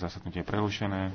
Zasadnutie je prerušené.